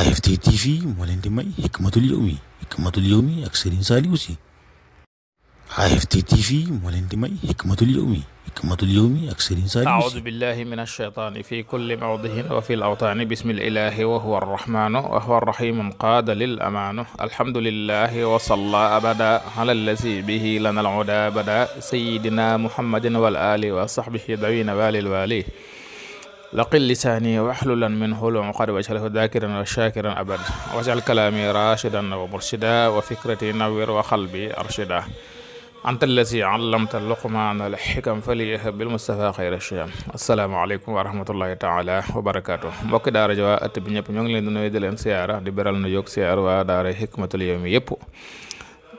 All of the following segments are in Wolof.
AFT TV moo leen di may Hikmatul Yawmi Hikmatul Yawmi ak Serigne Saliou Sy AFT TV moo leen di may Hikmatul Yawmi Hikmatul Yawmi ak Serigne Saliou Sy aoudu billahi min alcheytani fi kulli mawdihin wa fi lawtaani bismi lilahi wa huwa arrahmanu wa huwa arrahimu qaada lil amaanu alhamdulillahi wa salla abada ala allazi bihi lana al uda bada sayidina muhammadin wal ali wa sahbihi dawina walil wali laqil lisaani waxlulan min hulum qad wajhalahu dakiran wa shakiran abad wajal kalaami rashidan wa murshida wa fikrati nawir wa qalbi arshida anta allazi allamta luqmaana al xikam faliha bil mustafa xayra shiyam asalaamaaleykum wa rahmatullahi taala wa barakaatu mbokki daara ji waa ëtt bi ñëpp ñoo ngi leen di nuyu di leen siyaara di beral nu yóg siyaar waa daara xikmatul yawmi yëpp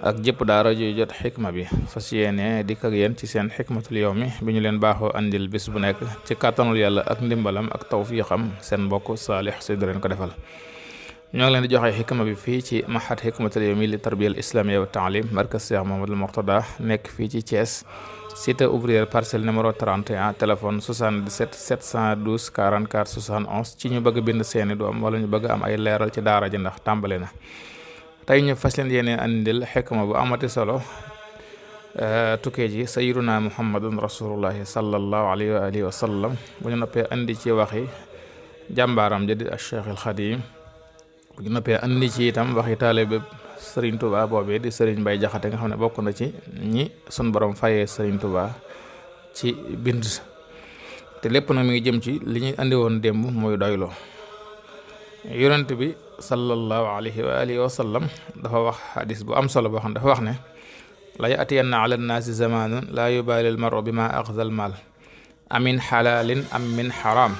ak jëpp daara ju jot xikma bi fas yéene dikk ak yéen ci seen xikmatul mi bi ñu leen baaxoo andil bis bu nekk ci kàttanul yàlla ak ndimbalam ak tawfiixam seen mbokk saalix si du leen ko defal ñoo ngi leen di joxe xikma bi fii ci maxat xikmatul yawmi li tarbiya al islamiyya wa taalim markaz Cheikh Mamadou Mourtada nekk fii ci Thiès cité ouvrière parcelle numéro 31 téléphone 77 712 44 71 ci ñu bëgg bind seeni doom wala ñu bëgg am ay leeral ci daara ji ndax tàmbali na tey ñu fas leen yéene andil xikma bu amati solo eh, tukkee ji sayyiduna muhammadun rasulullahi sallallahu alayhi wa alihi wa sallam bu noppee andi ci waxi jàmbaaram ja di Cheikh al Xadim noppee andi ci itam waxi taalibe Serigne tubaa boobee di Serigne Mbaye Jaxate nga xam ne bokk na ci ñi sun borom fayee Serigne Touba ci bind te lépp na mu ngi jëm ci li ñuy andi woon démb mooy doyloo yonent bi sallallahu alayhi wa alihi wa sallam dafa wax xadis bu am solo boo xam ne dafa wax ne la yaatiyanna ala nnaasi zamanun laa yubaali al maru bi ma axda al maal amin xalaalin am min xaraam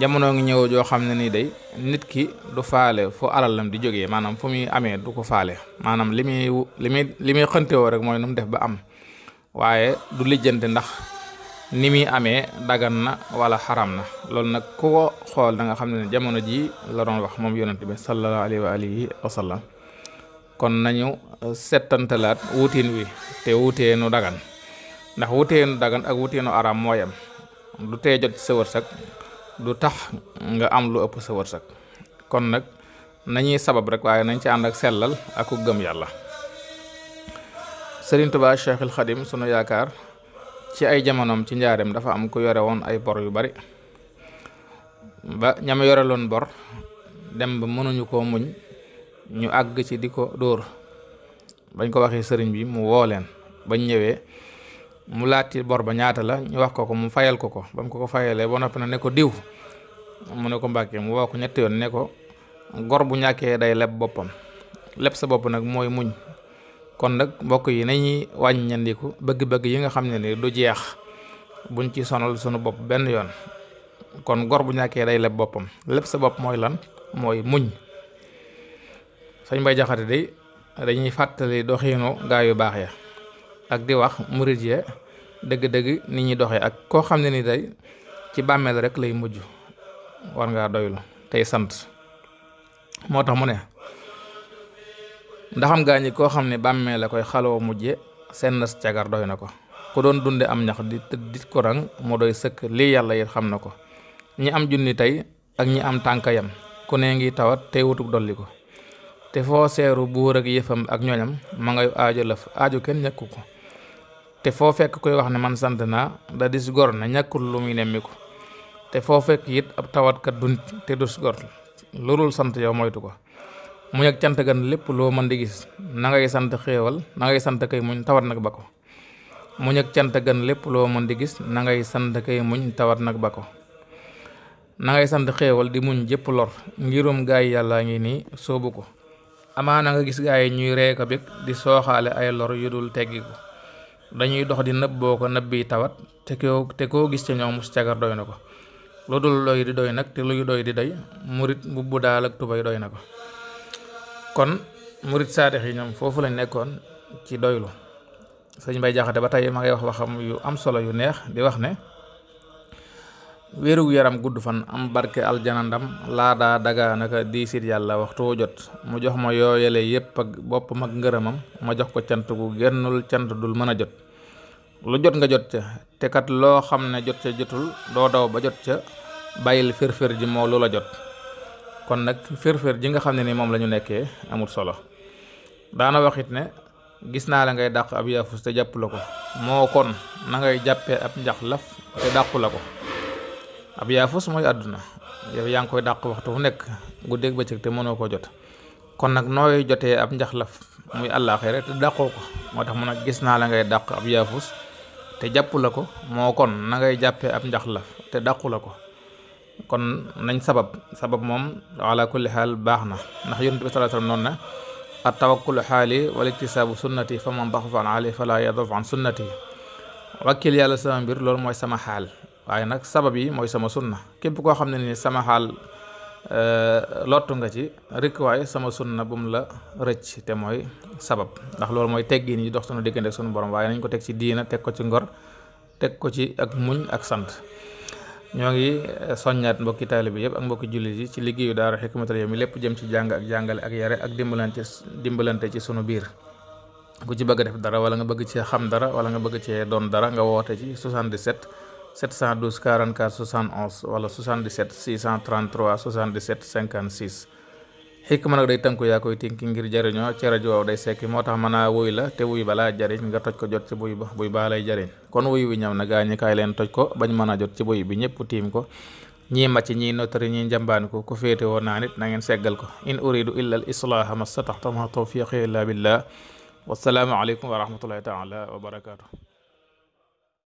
jamono ngi ñëw joo xam ne nii day nit ki du faale fu alalam di jógee maanaam fu muy amee du ko faale maanaam li muy li muy li muy xëntewoo rek mooy nu def ba am waaye du lijjante ndax ni muy amee dagan na wala xaraam na loolu nag ku ko xool danga xam ne jamono ji la doon wax moom yonent bi sallallahu alayhi wa alihi kon nañu uh, settantalaat wuuteen wi te wuuteenu dagan ndax wuuteenu dagan ak wuuteenu araam mooy am du tee jot sa wërsëg du tax nga am lu ëpp sa wërsëg kon nag nañuy sabab rek waaye nañ ci ànd ak sellal ak ku gëm yàlla Sëriñ Tuubaa Cheikhul Xadim sunu yaakaar ci ay jamonoom ci njaareem dafa am ku yore woon ay bor yu bari ba ñama yore loon bor dem ba mënuñu koo muñ ñu àgg ci di ko dóor bañ ko waxee sëriñ bi mu woo leen bañ ñëwee mu laati bor ba ñaata la ñu wax ko ko mu fayal ko ko ba mu ko ko fayalee ba noppi na ne ko diw mu ne ko mbàkkee mu woo ko ñett yoon ne ko gor bu ñàkkee day leb boppam leb sa bopp nag mooy muñ kon nag mbokk yi nañuy wàññandiku bëgg-bëgg yi nga xam ne ni du jeex buñ ci sonal sunu bopp benn yoon kon gor bu ñàkkee day leb boppam lépp sa bopp mooy lan mooy muñ sëñ ba Jaxate day dañuy fàttali doxinu gaa yu baax ya ak di wax murit ya dëgg-dëgg ni ñuy doxee ak koo xam ne ni day ci bàmmeel rek lay mujj war ngaa doylu tey sant moo tax mu ne ndaxam gaa ñi koo xam ne bàmmee la koy xaloo mujje seen nas cagar doy na ko ku doon dunde am ñax di tëddit ko rang mu doy sëkk lii yàlla it xam na ko ñi am junni tey ak ñi am tànka yam ku ne ngi tawat tey wutuk dolli ko te foo seeru buur ak yëfam ak ñoñam mu ngay aajo lëf aajo kenn ñàkku ko te foo fekk koy wax ne man sant naa da dis gor ne ñàkkul lu muy nemmiku te foo fekk it ab tawatkat du nit te dus gor loolul sant yow moytu ko mu ak cant gan lépp loo mën di gis na ngay sant xéewal na ngay sant kay muñ tawat nag ba ko muñ ak cant gan lépp loo mën di gis nangay ngay sant kay muñ tawat nag ba ko na ngay sant xéewal di muñ jëpp lor ngirum gaay yàlla ngi nii soobu ko amaana nga gis gaay ñuy ree ko bég di sooxaale ay lor yu dul teggi dañuy dox di nëb boo ko nëbbi tawat te koo te koo gis ca ñoom mus cagar doy na ko lu dul doy di doy nag te luy doy di doy murit mbubb daal ak tubéy doy na kon murit saadix yi foofu lañ nekkoon ci doylu sëñ Mbay Jaxate ba tey ma ngay wax waxam yu am solo yu neex di wax ne wéerug yaram gudd fan am barke aljanandam laadaa daga naka diisit yàlla waxtu jot mu jox ma yooyale yépp ak boppam ak ngërëmam ma jox ko cant gu gennul cant dul mën a jot lu jot nga jot ca te kat loo xam ne jot ca jotul doo daw ba jot ca bàyyil firfir ji moo lu la jot kon nag fër-fër ji nga xam ne ni moom la ñu nekkee amul solo daana waxit ne gis naa la ngay dàq ab yaafus te jàpp la ko moo kon na ngay jàppee ab njaxlaf te dàqu la ko ab yaafus àdduna yow yaa ngi koy dàq waxtu fu nekk guddeeg mënoo koo jot kon nag nooy jotee ab njaxlaf muy àllaaxira te dàqoo ko moo tax mun a gis naa la ngay dàq ab yaafus te jàpp la ko moo kon na ngay jàppee ab njaxlaf te dàqu la ko kon nañ sabab sabab moom ala kulli xaal baax na ndax yonent bi sallallahu alayhi wa sallam noonu na at tawakkulu xaali wal iktisaabu sunnati fa man daxafa an ali fala yadaf an sunnati wakkil yàlla sama mbir loolu mooy sama xaal waaye nag sabab yi mooy sama sunna képp koo xam ne ni sama xaal euh, lottu nga ci rek waaye sama sunna bu mu la rëcc te mooy sabab ndax loolu mooy teggin yi dox sunu diggante ak sunu borom waaye nañ ko teg ci diina teg ko ci ngor teg ko ci ak muñ ak sant ñoo ngi eh, soññaat mbokki taalibe yëpp ak mbokki jullit yi ci liggéeyu daara Hikmatul Yawmi lépp jëm ci jàng ak jàngale ak yare ak dimbalante dimbalante ci sunu biir ku ci bëgg def dara wala nga bëgg cee xam dara wala nga bëgg cee doon dara nga woote ci 77 712 44 71 wala 77 633 77 56 xikma nag day tënku yaa koy tinki ngir jariñoo ci rajo waaw day sekki moo tax mën a wuy la te wuy balaa jariñ nga toj ko jot ci buy ba buy baa lay jariñ kon wuy wi ñaw na gaa kaay leen toj ko bañ mën a jot ci buy bi ñëpp tiim ko ñii màcc ñii notari ñii njambaan ko ku féete woo naa nit nangeen seggal ko in uridu illa al islaha mastataxtama tawfiqi illa billah wasalaamu aleykum wa rahmatullahi taala wa barakaatu